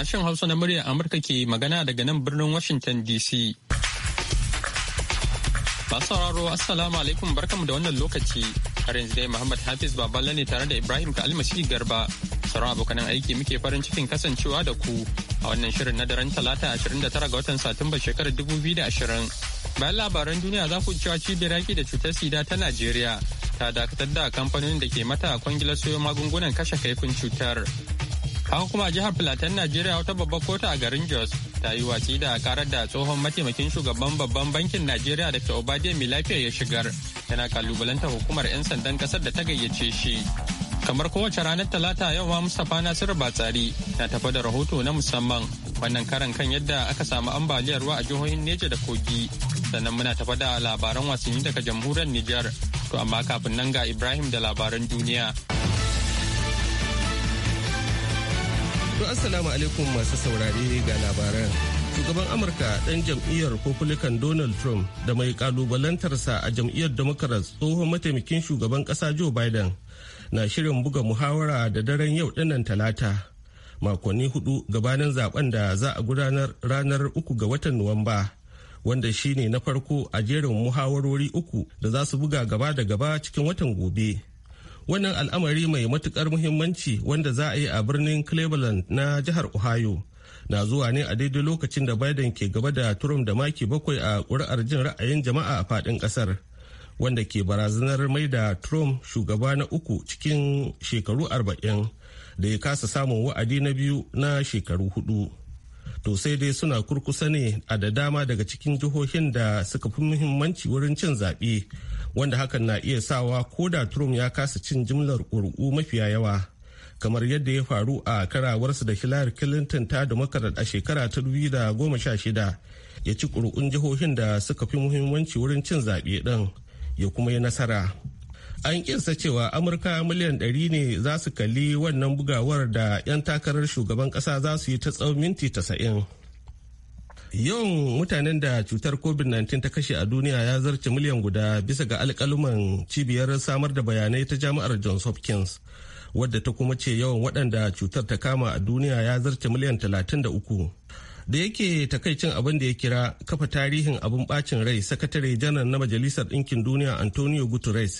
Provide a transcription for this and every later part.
Sashen Hausa na muryar Amurka ke magana daga nan birnin Washington DC. Masu sauraro Assalamu alaikum barkamu da wannan lokaci. Har yanzu dai Muhammad Hafiz Baballe ne tare da Ibrahim ka almasi garba. Sauran abokanan aiki muke farin cikin kasancewa da ku a wannan shirin na daren talata 29 ga watan Satumba shekarar 2020. Bayan labaran duniya za ku cewa cibiyar yaki da cutar sida ta Najeriya ta dakatar da kamfanonin da ke mata kwangilar soyo magungunan kashe kaifin cutar Haka kuma jihar Filatan Najeriya wata babbar kotu a garin Jos ta yi watsi da karar da tsohon mataimakin shugaban babban bankin Najeriya da ta Obade mai lafiya ya shigar yana kalubalantar hukumar 'yan sandan kasar da ta gayyace shi. Kamar kowace ranar Talata yau ma Mustapha Nasiru Batsari na tafa da rahoto na musamman wannan karan kan yadda aka samu ambaliyar ruwa a jihohin Neja da Kogi sannan muna tafa da labaran wasanni daga jamhuriyar Nijar to amma kafin nan ga Ibrahim da labaran duniya. To assalamu alaikum masu saurare ga labaran. Shugaban Amurka ɗan jam'iyyar Republican Donald Trump da mai kalubalantarsa a jam'iyyar Democrats tsohon mataimakin shugaban ƙasa Joe Biden na shirin buga muhawara da daren yau ɗinnan talata makonni hudu gabanin zaben da za a gudanar ranar uku ga watan Nuwamba. wanda shi ne na farko a jerin muhawarori uku da za su buga gaba da gaba cikin watan gobe wannan al'amari mai matukar muhimmanci wanda za a yi a birnin cleveland na jihar ohio na zuwa ne a daidai lokacin da biden ke gaba da trump da maki bakwai a ƙuri'ar jin ra'ayin jama'a a fadin ƙasar wanda ke barazanar mai da trump shugaba na uku cikin shekaru arba'in da ya kasa samun wa'adi na biyu na shekaru hudu to sai dai suna kurkusa ne a da dama daga cikin jihohin da suka fi muhimmanci wurin cin zaɓe wanda hakan na iya sawa ko da trump ya kasa cin jimlar ƙuri'u mafiya yawa kamar yadda ya faru a karawarsa da hillary clinton ta da a shekara ta shida ya ci ƙuri'un jihohin da suka fi muhimmanci wurin cin zaɓe ɗin ya kuma yi nasara an kinsa cewa amurka miliyan 100 ne za su kalli wannan bugawar da 'yan takarar shugaban kasa za su yi ta tsawon minti 90 yawan mutanen da cutar covid-19 ta kashe a duniya ya zarce miliyan guda bisa ga alkaluman cibiyar samar da bayanai ta jami'ar johns hopkins wadda ta kuma ce yawan waɗanda cutar ta kama a duniya ya zarce miliyan 33 da yake takaicin abin da ya kira kafa tarihin abin bacin rai sakatare janar na majalisar ɗinkin duniya antonio guterres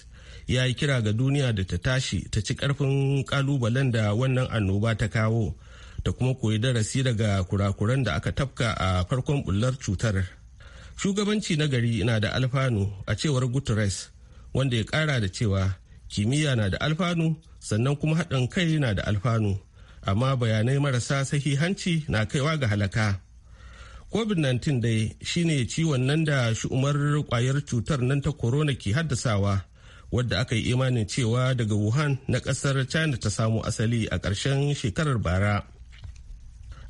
ya yi kira ga duniya da ta tashi ta ci karfin kalubalen da wannan annoba ta kawo ta kuma koyi darasi daga kurakuran da aka tafka a farkon bullar cutar shugabanci na gari na da alfanu a cewar guterres wanda ya kara da cewa kimiyya na da alfanu sannan kuma haɗin kai na da alfanu amma bayanai marasa sahihanci na kaiwa ga halaka covid-19 dai shine ciwon nan da shi'umar kwayar cutar nan ta corona ke haddasawa wadda aka yi imanin cewa daga wuhan na kasar china ta samu asali a ƙarshen shekarar bara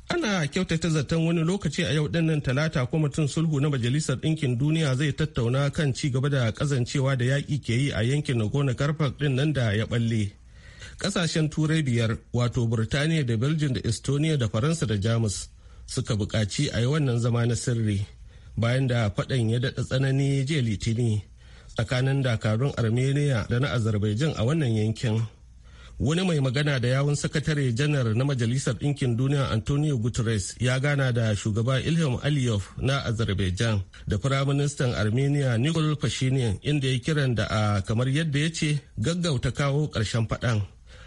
ana kyautata zaton wani lokaci a yau dinnan talata kuma kwamitin sulhu na majalisar ɗinkin duniya zai tattauna kan ci gaba da kazancewa da yaƙi ke yi a yankin nagona karfak ɗin nan da ya balle ƙasashen turai biyar wato burtaniya da belgium da estonia da faransa da jamus suka buƙaci a yi wannan zama na sirri bayan da faɗan ya daɗa tsanani jiya litini tsakanin dakarun armenia da na azerbaijan a wannan yankin wani mai magana da yawun sakatare janar na majalisar ɗinkin duniya antonio guterres ya gana da shugaba ilham aliyev na azerbaijan da firaministan armenia nikol pashinyan inda ya kiran da a kamar yadda ya ce gaggauta kawo ƙarshen faɗan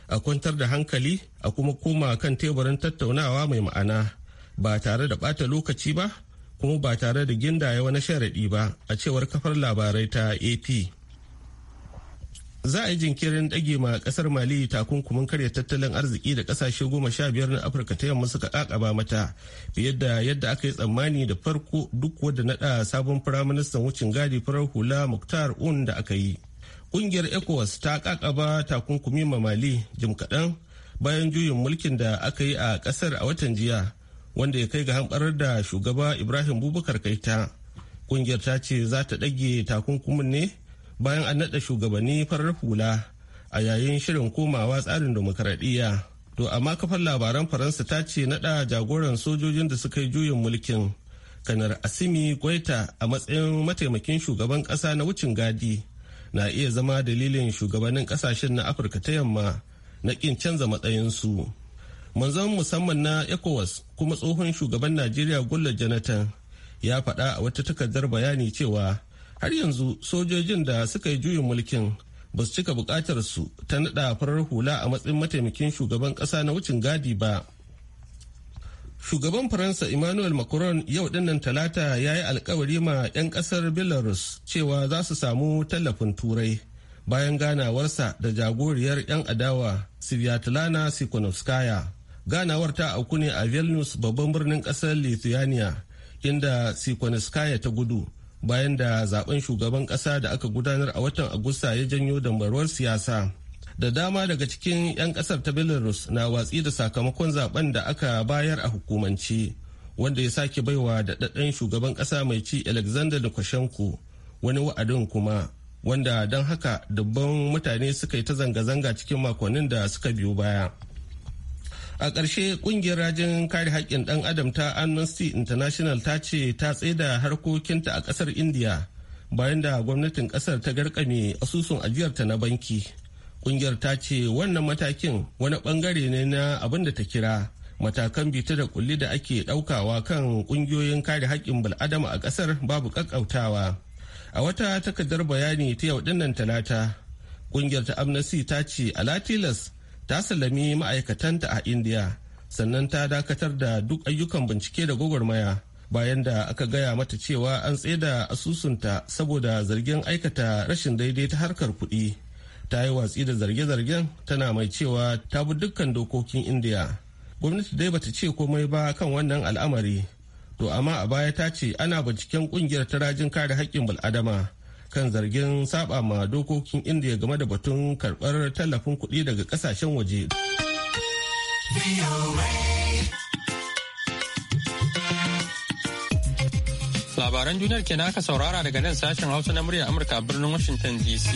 a kwantar da hankali a kuma koma kan teburin tattaunawa mai ma'ana ba tare da ɓata lokaci ba kuma ba tare da gindaya wani sharaɗi ba a cewar kafar labarai ta ap za a yi jinkirin ɗage ma ƙasar mali takunkumin karya tattalin arziki da ƙasashe goma sha biyar na afirka ta yamma suka ƙaƙaba mata fiye da yadda aka yi tsammani da farko duk wadda naɗa sabon firaministan wucin gadi farar hula muktar un da aka yi ƙungiyar ecowas ta ƙaƙaba takunkumi ma mali jim kaɗan bayan juyin mulkin da aka yi a ƙasar a watan jiya wanda ya kai ga hamɓarar da shugaba ibrahim bubakar kaita kungiyar ta ce za ta ɗage takunkumin ne bayan an naɗa shugabanni farar hula a yayin shirin komawa tsarin demokaradiyya to amma kafar labaran faransa ta ce naɗa jagoran sojojin da suka yi juyin mulkin kanar asimi gwaita a matsayin mataimakin shugaban ƙasa na wucin gadi na iya zama dalilin shugabannin ƙasashen na afirka ta yamma na ƙin canza matsayinsu. su manzon musamman na ecowas kuma tsohon shugaban najeriya gulla jonathan ya faɗa a wata takardar bayani cewa har yanzu sojojin da suka yi juyin mulkin ba su cika bukatar su ta naɗa farar hula a matsayin mataimakin shugaban ƙasa na wucin gadi ba shugaban faransa emmanuel macron yau dinnan talata ya yi alkawari ma 'yan ƙasar belarus cewa za su samu tallafin turai bayan ganawarsa da jagoriyar 'yan adawa sviatlana sikonovskaya ganawar ta auku ne a vilnius babban birnin kasar lithuania inda sikoniskaya ta gudu bayan da zaben shugaban kasa da aka gudanar a watan agusta ya janyo dambarwar siyasa da dama daga cikin 'yan kasar ta belarus na watsi da sakamakon zaben da aka bayar a hukumanci wanda ya sake baiwa da daɗaɗɗen shugaban ƙasa mai ci alexander lukashenko wani wa'adin kuma wanda don haka dubban mutane suka yi ta zanga-zanga cikin makonnin da suka biyo baya a ƙarshe ƙungiyar rajin kare haƙƙin ɗan adam ta amnesty international ta ce ta tsaida harkokinta a ƙasar india bayan da gwamnatin ƙasar ta garkame asusun ajiyarta na banki ƙungiyar ta ce wannan matakin wani ɓangare ne na abin da ta kira matakan bita da kulli da ake ɗaukawa kan ƙungiyoyin kare haƙƙin bil'adama a ƙasar babu ƙaƙƙautawa a wata takardar bayani ta yau dinnan talata ƙungiyar ta amnesty ta ce a tilas ta sallami ma'aikatanta a indiya sannan ta dakatar da duk ayyukan bincike da gwagwarmaya bayan da aka gaya mata cewa an tseda asusunta saboda zargin aikata rashin daidai ta harkar kuɗi ta yi watsi da zarge-zargen tana mai cewa ta bi dukkan dokokin indiya gwamnati dai bata ce komai ba kan wannan al'amari to amma a baya ta ce ana binciken kungiyar tarajin kare haƙƙin bil'adama kan zargin saba ma dokokin indiya game da batun karbar tallafin kuɗi daga kasashen waje labaran duniyar kenan aka saurara daga nan sashen hausa na murya amurka birnin washington dc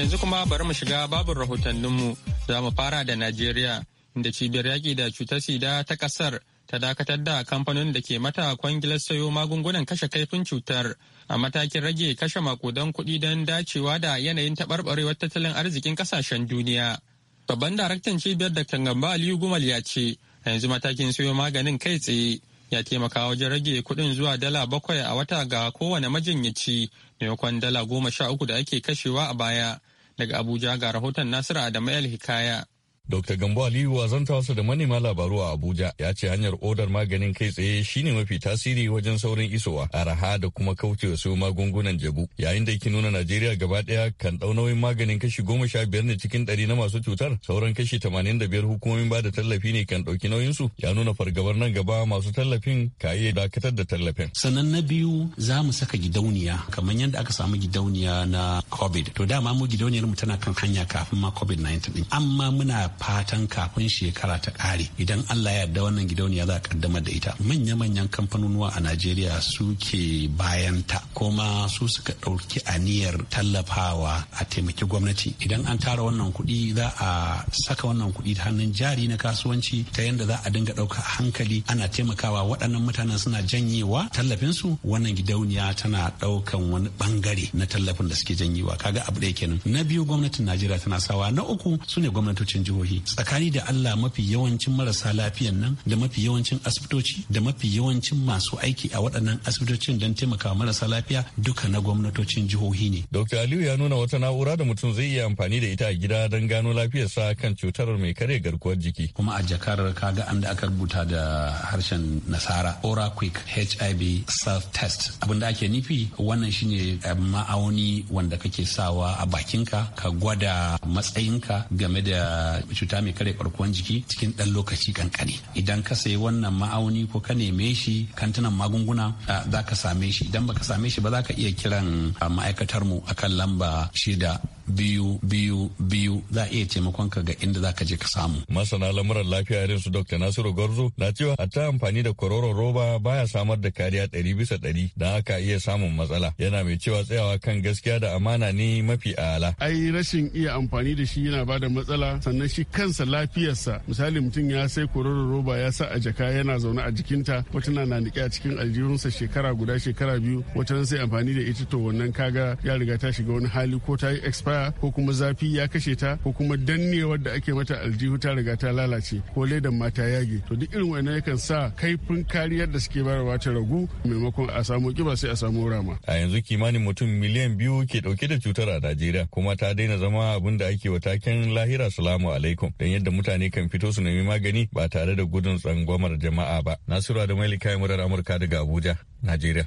yanzu kuma bari mu shiga babin rahotanninmu za mu fara da najeriya inda cibiyar yaƙi da cutar sida ta ƙasar ta dakatar da kamfanin da ke mata kwangilar sayo magungunan kashe kaifin cutar a matakin rage kashe makudan kuɗi don dacewa da yanayin taɓarɓarewar tattalin arzikin ƙasashen duniya. Babban daraktan cibiyar Dr. Gamba Aliyu Gumal ya ce, yanzu matakin sayo maganin kai tsaye ya taimaka wajen rage kuɗin zuwa dala bakwai a wata ga kowane majinyaci maimakon dala goma sha uku da ake kashewa a baya. Daga Abuja ga rahoton Nasiru Adamu El Hikaya. Dr. Gambo Aliyu a zantawarsa da manema labaru a Abuja ya ce hanyar odar maganin kai tsaye shine mafi tasiri wajen saurin isowa araha da kuma kauce su magungunan jabu. Yayin da yake nuna Najeriya gaba daya kan dau nauyin maganin kashi goma sha biyar ne cikin ɗari na masu cutar sauran kashi tamanin da biyar hukumomin ba da tallafi ne kan ɗauki su ya nuna fargabar nan gaba masu tallafin ka iya dakatar da tallafin. sanan na biyu za mu saka gidauniya kamar yadda aka samu gidauniya na COVID. To dama mu gidauniyar mu tana kan hanya kafin ma COVID-19 Amma muna fatan kafin shekara ta ƙare idan Allah ya yarda wannan gidauniya za a kaddamar da ita manya-manyan kamfanonuwa a Najeriya suke bayan ta kuma su suka ɗauki aniyar tallafawa a taimaki gwamnati idan an tara wannan kuɗi za a saka wannan kuɗi ta hannun jari na kasuwanci ta yadda za a dinga ɗauka a hankali ana taimakawa waɗannan mutanen suna janyewa tallafinsu wannan gidauniya tana ɗaukan wani ɓangare na tallafin da suke janyewa kaga abu ɗaya kenan na biyu gwamnatin Najeriya tana sawa na uku su ne gwamnatocin jihohi jihohi tsakani da Allah mafi yawancin marasa lafiyan nan da mafi yawancin asibitoci da mafi yawancin masu aiki a waɗannan asibitocin don taimaka marasa lafiya duka na gwamnatocin jihohi ne. Dr. Aliyu ya nuna wata na'ura da mutum zai iya amfani da ita a gida don gano sa kan cutar mai karya garkuwar jiki. Kuma a jakarar kaga an da aka rubuta da harshen nasara ora quick HIV self test abin da ake nufi wannan shine eh, ma'auni wanda kake sawa a bakinka ka gwada matsayinka game da cuta mai kare garkuwan jiki cikin ɗan lokaci kankani idan ka sayi wannan ma'auni ko ka neme shi kantunan magunguna za ka same shi idan baka same shi ba za ka iya kiran ma'aikatar mu akan lamba shida biyu biyu biyu za a iya taimakon ka ga inda za ka je ka samu. Masana lamuran lafiya irin su Dr. Nasiru Gorzo na cewa a ta amfani da kwaroron roba baya samar da kariya ɗari bisa ɗari da aka iya samun matsala. Yana mai cewa tsayawa kan gaskiya da amana ne mafi ala. Ai rashin iya amfani da shi yana bada matsala sannan shi kansa lafiyarsa misali mutum ya sai kwaroron roba ya sa a jaka yana zaune a jikinta wata na na niƙe a cikin aljihunsa shekara guda shekara biyu wata sai amfani da ita to wannan kaga ya riga ta shiga wani hali ko ta yi expire gobara ko kuma zafi ya kashe ta ko kuma dannewar da ake mata aljihu ta riga ta lalace ko ledan mata yage to duk irin wannan yakan sa kaifin kariyar da suke bayarwa ta ragu maimakon a samu kiba sai a samu rama a yanzu kimanin mutum miliyan biyu ke dauke da cutar a Najeriya kuma ta daina zama abin da ake wa taken lahira salamu alaikum don yadda mutane kan fito su nemi magani ba tare da gudun tsangwamar jama'a ba Nasiru Adamaili kayan murar Amurka daga Abuja Najeriya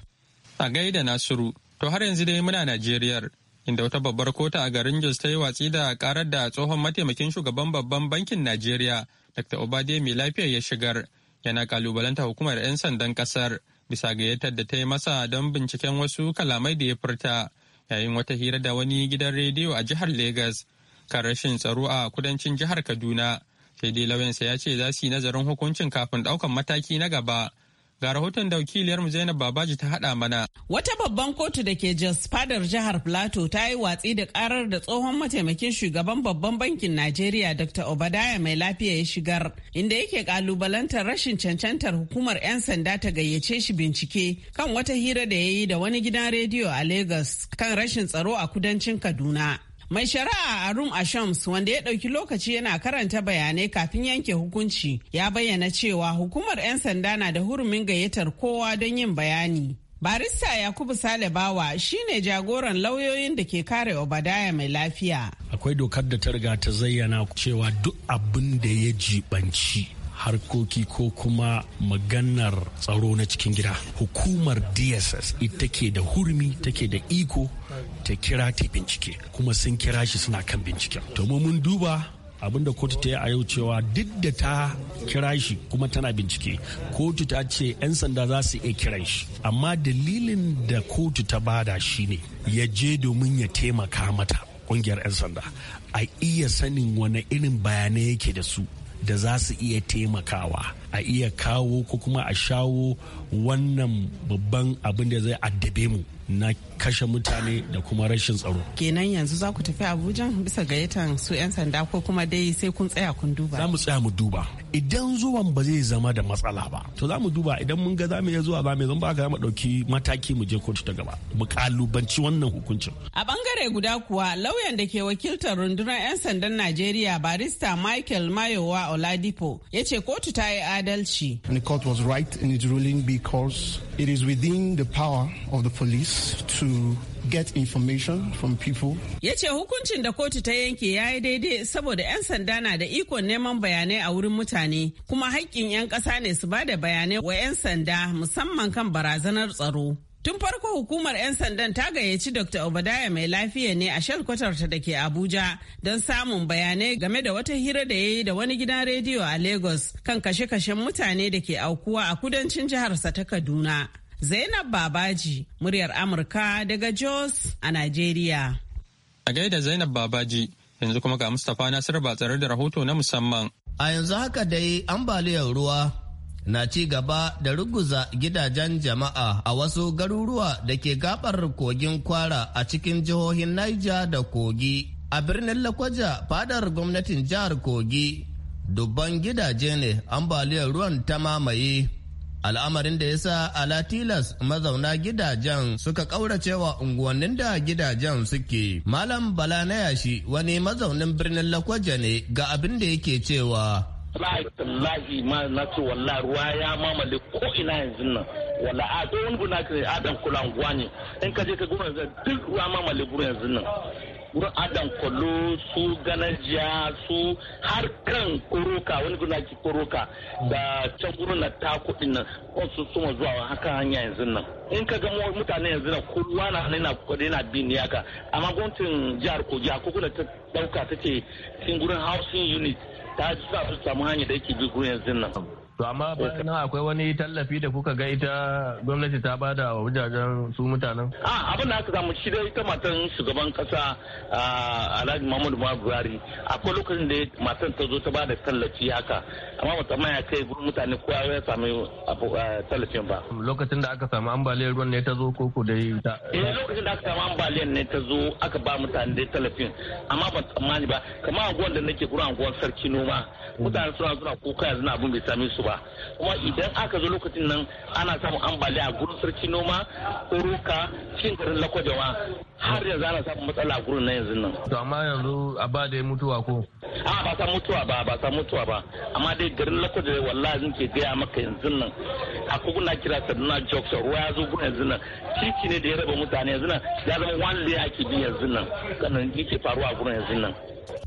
a gaida Nasiru to har yanzu dai muna Najeriyar inda wata babbar kota a garin Jos ta yi watsi da karar da tsohon mataimakin shugaban babban bankin Najeriya Dr. Obade mai lafiya ya shigar yana kalubalanta hukumar 'yan sandan kasar bisa gayyatar da ta yi masa don binciken wasu kalamai da ya furta yayin wata hira da wani gidan rediyo a jihar Legas kan rashin tsaro a kudancin jihar Kaduna. Sai dai lauyansa ya ce za su yi nazarin hukuncin kafin ɗaukan mataki na gaba. Ga rahoton da wakiliyarmu Zainab Babaji ta haɗa mana. Wata babban kotu da ke Jos Fadar jihar Plateau ta yi watsi da karar da tsohon mataimakin shugaban babban bankin Najeriya Dr. Obadaya mai lafiya ya shigar, inda yake kalubalantar rashin cancantar hukumar 'yan sanda ta gayyace shi bincike kan wata hira da ya yi da wani gidan rediyo a Lagos kan rashin tsaro a kudancin Kaduna. Mai shari'a a a Shams, wanda ya ɗauki lokaci yana karanta bayanai kafin yanke hukunci ya bayyana cewa hukumar 'yan sanda na da hurumin gayyatar kowa don yin bayani. Barista Yakubu Sale Bawa shine jagoran lauyoyin da ke kare Obadaya mai lafiya. Akwai dokar da ta riga ta zayyana cewa duk abin da ya jibanci harkoki ko kuma maganar tsaro na cikin gida hukumar dss ita ke da hurmi take da iko ta kira ta bincike kuma sun kira shi suna kan binciken to mun duba abinda kotu ta yi a yau cewa duk da ta kira shi kuma tana bincike kotu ta ce 'yan sanda za su iya kiran shi amma dalilin da kotu ta bada shi ne ya je domin ya taimaka mata kungiyar 'yan sanda a iya sanin wani irin bayanai yake da su da za su iya taimakawa a iya kawo ko kuma a shawo wannan babban abin da zai addabe mu na kashe mutane da kuma rashin tsaro. Kenan yanzu za ku tafi Abuja bisa gayyatan su 'yan sanda ko kuma dai sai kun tsaya kun duba. Za mu tsaya mu duba. Idan zuwan ba zai zama da matsala ba. To za mu duba idan mun ga za mu iya zuwa ba mai zan ba ga mu ɗauki mataki mu je kotu ta gaba. Mu kalubanci wannan hukuncin. A bangare guda kuwa lauyan da ke wakiltar rundunar 'yan sandan Najeriya barista Michael Mayowa Oladipo ya ce kotu ta yi adalci. the court was right in its ruling because it is within the power of the police to get information from people. Ya ce hukuncin da kotu ta yanke ya yi daidai saboda 'yan sanda na da ikon neman bayanai a wurin mutane kuma haƙƙin 'yan ƙasa ne su ba da bayanai wa 'yan sanda musamman kan barazanar tsaro. Tun farko hukumar 'yan sandan ta gayyaci Dr. Obadaya mai lafiya ne a ta da ke Abuja don samun bayanai game da wata hira da ya yi da wani gidan rediyo a Lagos kan kashe-kashen mutane da ke aukuwa a kudancin jiharsa ta Kaduna. Zainab Babaji, muryar Amurka daga Jos a Najeriya. A gaida Zainab Babaji, yanzu kuma ga Mustapha Nasiru ba tsare da rahoto na musamman. A yanzu haka dai ambaliyar ruwa na ci gaba da ruguza gidajen jama'a a wasu garuruwa da ke gabar kogin kwara a cikin jihohin Niger da Kogi. A birnin Lakwaja fadar gwamnatin jihar Kogi, dubban gidaje ne ambaliyar ruwan ta mamaye. Al'amarin da ya sa Alatilas mazauna gidajen suka ƙauracewa unguwannin da gidajen suke. Malam Bala na yashi wani mazaunin birnin Lakwaja ne ga abin da yake cewa. wallahi tallahi ma na ce wallahi ruwa ya mamale ko ina yanzu nan wala a don wani guna kare adam kulan gwani in ka je ka gona zai duk ruwa mamale gurin yanzu nan wurin adam kwallo su ganajiya su har kan koroka wani guna ki koroka da can gurin na ta kuɗin nan su suma zuwa haka hanya yanzu nan in ka ga mutane yanzu nan kowa na hannun na kwaɗe na bin yaka amma gwamnatin jihar kogi a kuku da ta ɗauka ta ce cikin gurin housing unit ta ji sa su samu hanyar da yake bi yanzu nan To amma bayan nan akwai wani tallafi da kuka ga ita gwamnati ta bada wa wajajen su mutanen? A abin da aka samu shi da ita matan shugaban kasa Alhaji Muhammadu Buhari akwai lokacin da matan ta zo ta bada tallafi haka amma tsammani ya kai gurin mutane ko ya sami tallafin ba. Lokacin da aka samu ambaliyar ruwan ne ta zo ko ko dai ta. Eh lokacin da aka samu ambaliyar ne ta zo aka ba mutane dai tallafin amma ban tsammani ba kamar anguwan da nake gurin anguwan sarki noma mutane suna suna kuka yanzu na abin bai same su ba kuma idan aka zo lokacin nan ana samun ambaliya a gurin sarki noma roka cin garin lakwajawa har yanzu ana samun matsala a gurin na yanzu nan. to amma yanzu a ba da mutuwa ko. a ba sa mutuwa ba ba sa mutuwa ba amma dai garin lakwajawa wallahi zan ke gaya maka yanzu nan a kuna kira sanuna jokes ruwa ya zo gurin yanzu nan titi ne da ya raba mutane yanzu nan ya zama wani da ake bi yanzu nan kanan yake faruwa a gurin yanzu nan.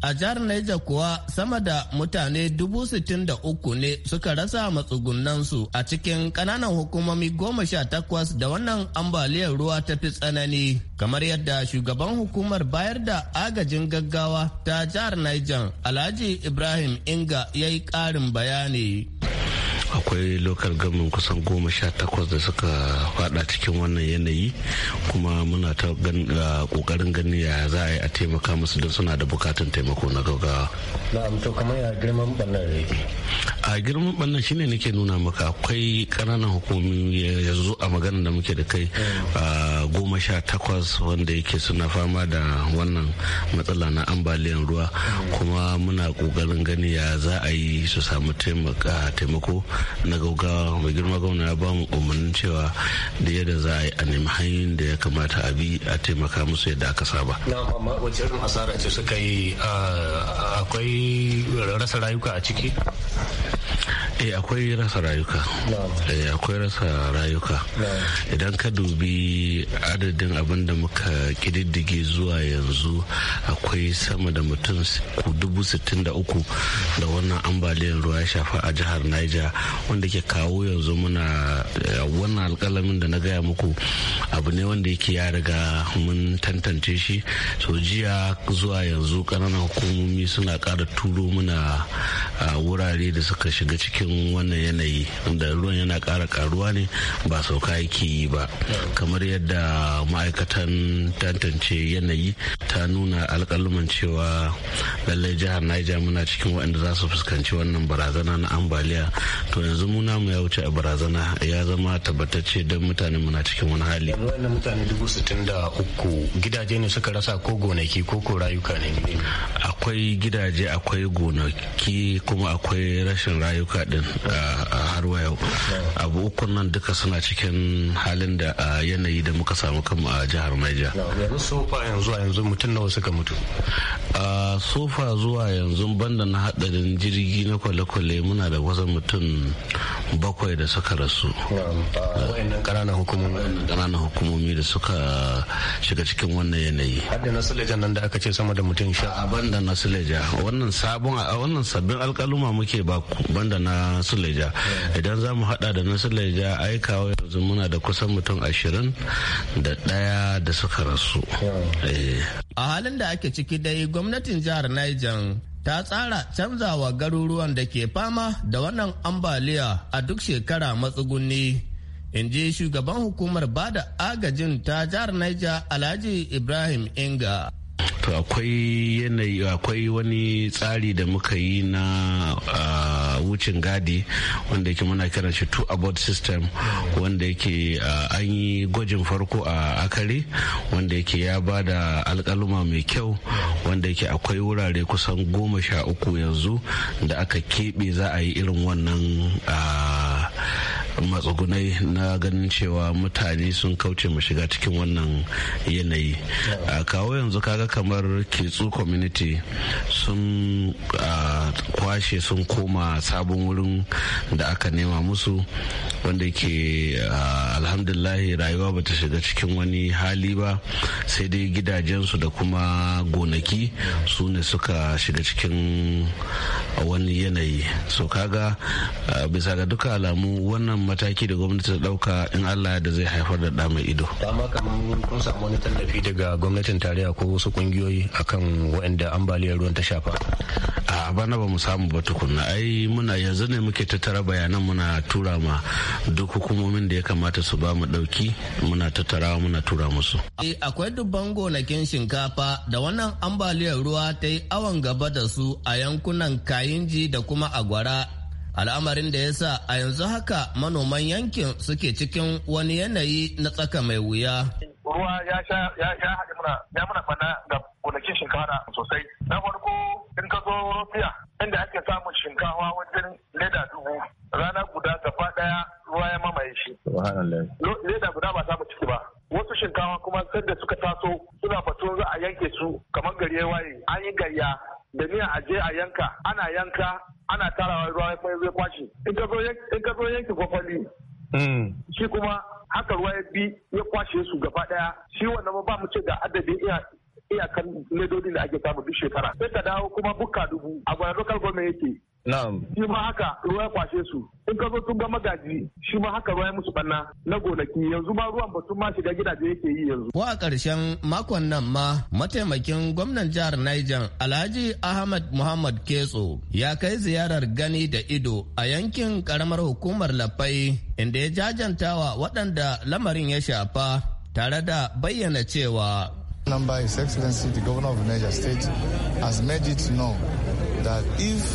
A jihar Niger kuwa sama da mutane dubu sittin da uku ne suka rasa matsugunansu a cikin ƙananan hukumomi goma sha takwas da wannan ambaliyar ruwa ta fi tsanani. Kamar yadda shugaban hukumar bayar da agajin gaggawa ta jihar Niger Alhaji Ibrahim Inga ya yi ƙarin bayani. akwai lokal gamin kusan goma sha takwas da suka fada cikin wannan yanayi kuma muna ta ah, kokarin gani ya za a yi a taimaka musu don suna da bukatun taimako na gaggawa na'am to kamar ya girman bannan a girman bannan shine nake nuna maka akwai kananan hukumomi yanzu a magana da muke da kai mm. ah, goma sha takwas wanda yake suna fama da wannan matsala na ambaliyan ruwa mm. kuma muna kokarin gani ya za a yi su samu taimako na gaugawa mai girma gwamna ya bamu umarnin cewa da yadda za a yi a nemi hanyoyin da ya kamata a bi a taimaka musu yadda aka saba. amma wace irin asara ce suka yi ah, akwai rasa rayuka a ciki? eh akwai rasa rayuka eh akwai rasa rayuka idan ka dubi adadin abin da muka kididdige zuwa yanzu akwai sama da mutum dubu sittin da uku da wannan ambaliyar ruwa ya shafa a jihar niger wanda ke kawo yanzu muna eh, wannan alkalamin da na gaya muku abu ne wanda yake ya riga mun tantance shi so jiya zuwa yanzu ƙananan hukumomi suna kara turo muna ah, wurare da suka shiga cikin cikin wannan yanayi da ruwan yana ƙara karuwa ne ba sauka yake yi ba kamar yadda ma'aikatan tantance yanayi ta nuna alƙaluman cewa lallai jihar Niger muna cikin waɗanda za su fuskanci wannan barazana na ambaliya to yanzu muna mu ya wuce a barazana ya zama tabbatacce don mutane muna cikin wani hali. Wannan mutane dubu sittin da uku gidaje ne suka rasa ko gonaki ko ko rayuka ne. Akwai gidaje akwai gonaki kuma akwai rashin rayuka din A uh, uh, har abu ukun nan duka suna cikin halin da uh, yanayi da muka samu kanmu a jihar Niger sofa yanzu yanzu mutum nawa suka mutu sofa zuwa yanzu banda na hadarin jirgi na kwale-kwale muna da wasan mutum bakwai da suka rasu ƙananan hukumomi da suka shiga cikin wannan yanayi hadda na suleja nan da aka ce sama da mutum sha banda na suleja wannan sabon a wannan sabbin alkaluma muke ba banda na idan za mu hada da na suleja aikawa yanzu muna da kusan mutum ashirin da daya da suka rasu a halin da ake ciki dai gwamnatin jihar niger ta tsara canzawa garuruwan da ke fama da wannan ambaliya a duk shekara matsuguni in ji shugaban hukumar ba da agajin ta jihar niger alhaji ibrahim inga to akwai yanayi akwai wani tsari da muka yi na wucin gadi wanda yake muna kiran shi two abort system wanda yake an yi gwajin farko a akari wanda yake ya ba da alkaluma mai kyau wanda yake akwai wurare kusan goma sha uku yanzu da aka keɓe za a yi irin wannan matsugunai na ganin cewa mutane sun kauce mu shiga cikin wannan yanayi a kawo yanzu kaga kamar kitsu community sun kwashe sun koma sabon wurin da aka nema musu wanda ke alhamdulahi rayuwa bata shiga cikin wani hali ba sai dai gidajensu da kuma gonaki su ne suka shiga cikin wani yanayi so kaga bisa ga duka alamu wannan wannan mataki da gwamnati ta dauka in Allah da zai haifar da da mai ido amma kamar kun samu wani tallafi daga gwamnatin tarayya ko wasu kungiyoyi akan waɗanda ambaliyar ruwan ta shafa a bana ba mu samu ba tukunna ai muna yanzu ne muke tattara bayanan muna tura ma duk hukumomin da ya kamata su ba mu dauki muna tattara muna tura musu eh, akwai dubban gonakin shinkafa da wannan ambaliyar ruwa ta yi awon gaba da su a yankunan kayinji da kuma agwara al'amarin da ya sa a yanzu haka manoman yankin suke cikin wani yanayi na tsaka mai wuya. ruwa ya sha ya haɗe muna ya muna ga gonakin shinkara sosai na farko in ka zo rofiya inda ake samun shinkawa wajen leda dubu rana guda gaba ɗaya ruwa ya mamaye shi leda guda ba samu ciki ba wasu shinkawa kuma sanda suka taso suna batun za a yanke su kamar gari ya waye an yi gayya da a je a yanka ana yanka ana tarawa ruwa ya kwashi in ka zo yankin kwakwali hmm. shi kuma haka ruwa ya bi ya kwashe su gaba daya shi wannan ba mu ce da adadin iya iyakan ledodin da ake samu duk shekara sai ka dawo kuma bukka dubu a gwanar local government yake Na'am. Shi ma haka ruwa ya kwashe su. In ka zo tun ga magaji shi ma haka ruwa ya musu banna na gonaki yanzu ma ruwan batun ma shiga gidaje yake yi yanzu. Ko a ƙarshen makon nan ma mataimakin gwamnan jihar Niger Alhaji Ahmad Muhammad Ketso ya kai ziyarar gani da ido a yankin karamar hukumar Lafai inda ya jajantawa waɗanda lamarin ya shafa tare da bayyana cewa. Number His Excellency the Governor of Niger State has made it known that if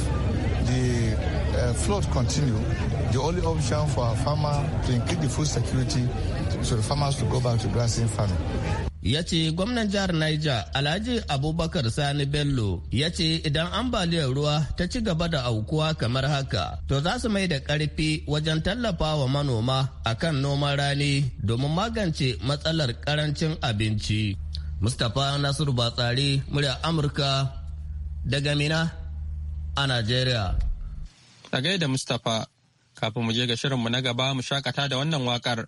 the uh, flood continue, the only option for a farmer to increase the food security so the farmers to go back to grassing farming. ya ce gwamnan jihar Niger Alhaji Abubakar Sani Bello ya ce idan ambaliyar ruwa ta ci gaba da aukuwa kamar haka to za su mai da ƙarfi wajen tallafa wa manoma akan noman rani domin magance matsalar ƙarancin abinci. Mustapha Nasiru Batsari murya Amurka daga Mina a Najeriya. A gaida Mustapha, kafin mu je ga shirinmu na gaba mu shakata da wannan wakar.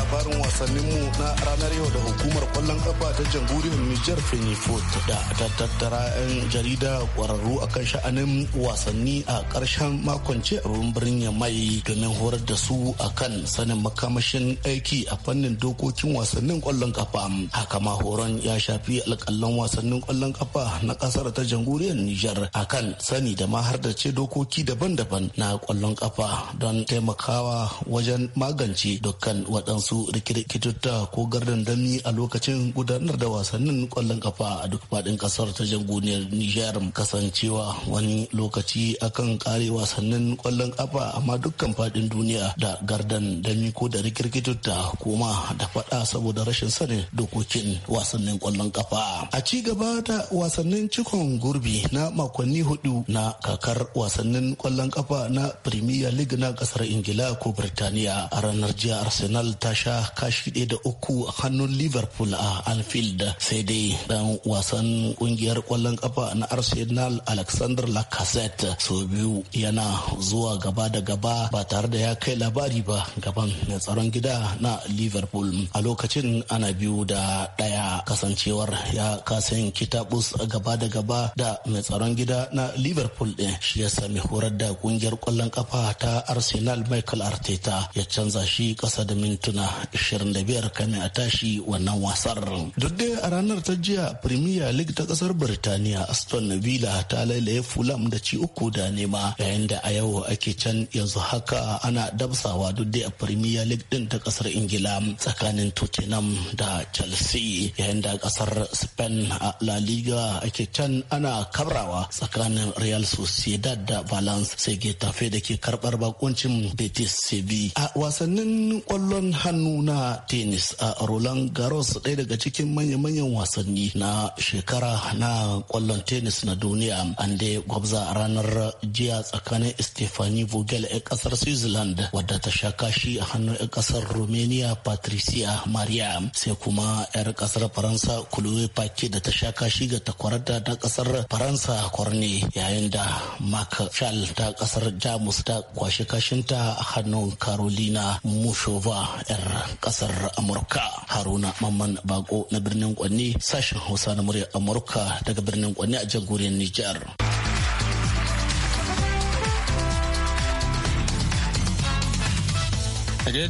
labarin wasanninmu na ranar yau da hukumar kwallon kafa ta jamhuriyar Nijar Fenifot da ta tattara 'yan jarida kwararru akan sha'anin wasanni a ƙarshen makon ce a birnin Yamai domin horar da su a kan sanin makamashin aiki a fannin dokokin wasannin kwallon kafa. Haka ma horon ya shafi alƙallan wasannin kwallon kafa na ƙasar ta jamhuriyar Nijar kan sani da ma har da ce dokoki daban-daban na kwallon kafa don taimakawa wajen magance dukkan waɗansu wasu rikirkitutta ko gardan dami a lokacin gudanar da wasannin kwallon kafa a duk faɗin kasar ta jamhuriyar Nijar kasancewa wani lokaci akan kare wasannin kwallon kafa amma dukkan faɗin duniya da gardan dami ko da rikirkitutta kuma da faɗa saboda rashin sanin dokokin wasannin kwallon kafa. A ci gaba da wasannin cikon gurbi na makonni hudu na kakar wasannin kwallon kafa na Premier League na ƙasar Ingila ko Birtaniya a ranar jiya Arsenal ta sha sha kashi ɗaya da uku a hannun liverpool a anfield sai dai dan wasan kungiyar kwallon kafa na arsenal alexander lacazette so biyu yana zuwa gaba da gaba ba tare da ya kai labari ba gaban mai tsaron gida na liverpool a lokacin ana biyu da ɗaya kasancewar ya kasa kitabus gaba da gaba da mai tsaron gida na liverpool ɗin shi ya sami horar da kungiyar kwallon kafa ta arsenal michael arteta ya canza shi kasa da mintuna 25 kame a tashi wannan wasar. Duk dai a ranar ta jiya Premier League ta kasar Birtaniya Aston Villa ta lailaye Fulham da ci uku da nema yayin da a yau ake can yanzu haka ana dabsawa duk dai a Premier League din ta kasar Ingila tsakanin Tottenham da Chelsea yayin da kasar Spain a La Liga ake can ana kabrawa tsakanin Real Sociedad da Valence sai Getafe da ke karbar bakuncin Betis Sevilla. a wasannin kwallon hannu hannu na tennis a Roland Garros ɗaya daga cikin manya-manyan wasanni na shekara na kwallon tennis na duniya an da gwabza ranar jiya tsakanin Stefani Vogel 'yan kasar Switzerland wadda ta sha kashi a hannun 'yan ƙasar Romania Patricia Maria sai kuma 'yar ƙasar Faransa Chloe pake da ta sha kashi ga takwarata ta ƙasar Faransa Corne yayin da Mark Schall ta kasar Jamus ta kwashe kashinta a hannun Carolina Mushova 'yar kasar amurka haruna mamman bako na birnin kwanni sashen hausa na muryar amurka daga birnin kwanni a jamhuriyar nijar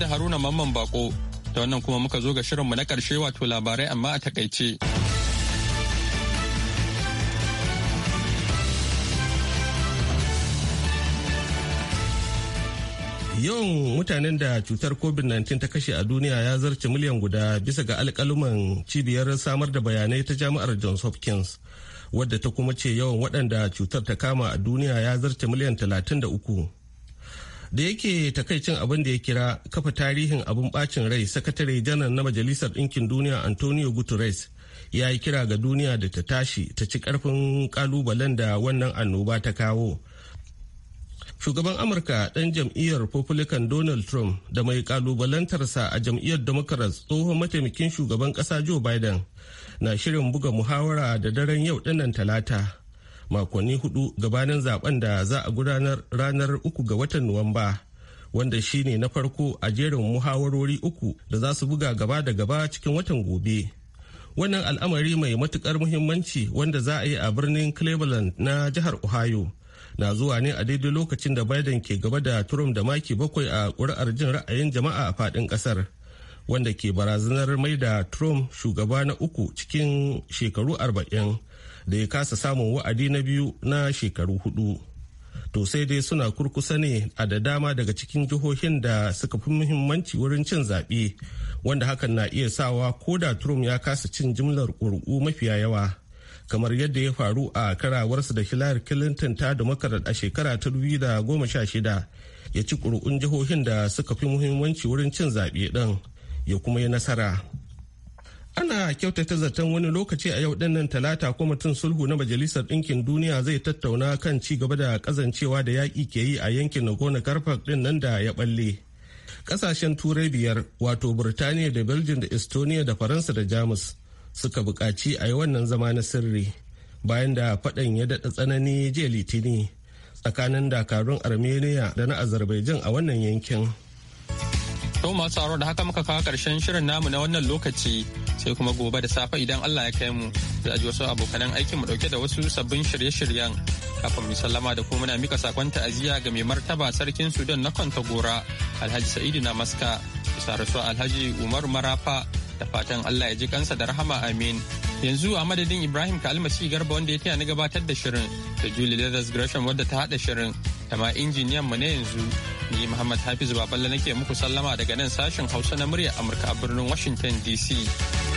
da haruna mamman bako da wannan kuma muka zo ga shirinmu na karshe wato labarai amma a takaice. Yawan mutanen da cutar COVID-19 ta kashe a duniya ya zarce miliyan guda bisa ga alkaluman cibiyar samar da bayanai ta jami'ar Johns Hopkins, wadda ta kuma ce yawan waɗanda cutar ta kama a duniya ya zarce miliyan 33. Da yake takaicin abin da ya kira kafa tarihin abin bacin rai sakatare janar na Majalisar Ɗinkin Duniya Antonio Guterres ya yi kira ga duniya da ta tashi ta ci karfin kalubalen da wannan annoba ta kawo. shugaban amurka ɗan jam'iyyar republican donald trump da mai kalubalantarsa a jam'iyyar democrats tsohon mataimakin shugaban ƙasa joe biden na shirin buga muhawara da daren yau ɗinnan talata makonni hudu gabanin zaben da za a gudanar ranar uku ga watan nuwamba wanda shine na farko a jerin muhawarori uku da za su buga gaba da gaba cikin watan gobe wannan al'amari mai matukar muhimmanci wanda za a yi a birnin cleveland na jihar ohio na zuwa ne a daidai lokacin da Biden ke gaba da Trump da maki bakwai a ƙuri'ar jin ra'ayin jama'a a faɗin ƙasar. Wanda ke barazanar mai da Trump shugaba na uku cikin shekaru arba'in da ya kasa samun wa'adi na biyu na shekaru hudu. To sai dai suna kurkusa ne a da dama daga cikin jihohin da suka fi muhimmanci wurin cin zaɓe, wanda hakan na iya sawa ko da Trump ya kasa cin jimlar ƙuri'u mafiya yawa. kamar yadda ya faru a karawarsa da Hillary Clinton ta Democrat a shekara ta 2016 ya ci ƙuri'un jihohin da suka fi muhimmanci wurin cin zaɓe ɗin ya kuma yi nasara. Ana kyautata zaton wani lokaci a yau nan talata mutum sulhu na Majalisar Ɗinkin Duniya zai tattauna kan ci gaba da kazancewa da yaƙi ke yi a yankin nagorno karfak ɗin nan da ya ɓalle. Ƙasashen Turai biyar wato birtaniya da Belgium da Estonia da Faransa da Jamus suka bukaci a yi wannan zama na sirri bayan da faɗan ya daɗa tsanani jiya litini tsakanin dakarun armenia da na azerbaijan a wannan yankin to masu tsaro da haka muka kawo karshen shirin namu na wannan lokaci sai kuma gobe da safe idan allah ya kai mu za a ji wasu abokanan aikin mu dauke da wasu sabbin shirye-shiryen kafin mu sallama da kuma muna mika sakon ta'aziyya ga mai martaba sarkin sudan na kwanta gora alhaji sa'idu na maska bisa rasuwa alhaji umar marafa da fatan Allah ya ji kansa da rahama amin yanzu a madadin Ibrahim kalma ci Garba wanda ya taya na gabatar da shirin da Julie Leathers Gresham wadda ta hada shirin da ma injiniyan mu ne yanzu ni Muhammad Hafiz Baballe nake muku sallama daga nan sashen Hausa na murya Amurka a birnin Washington DC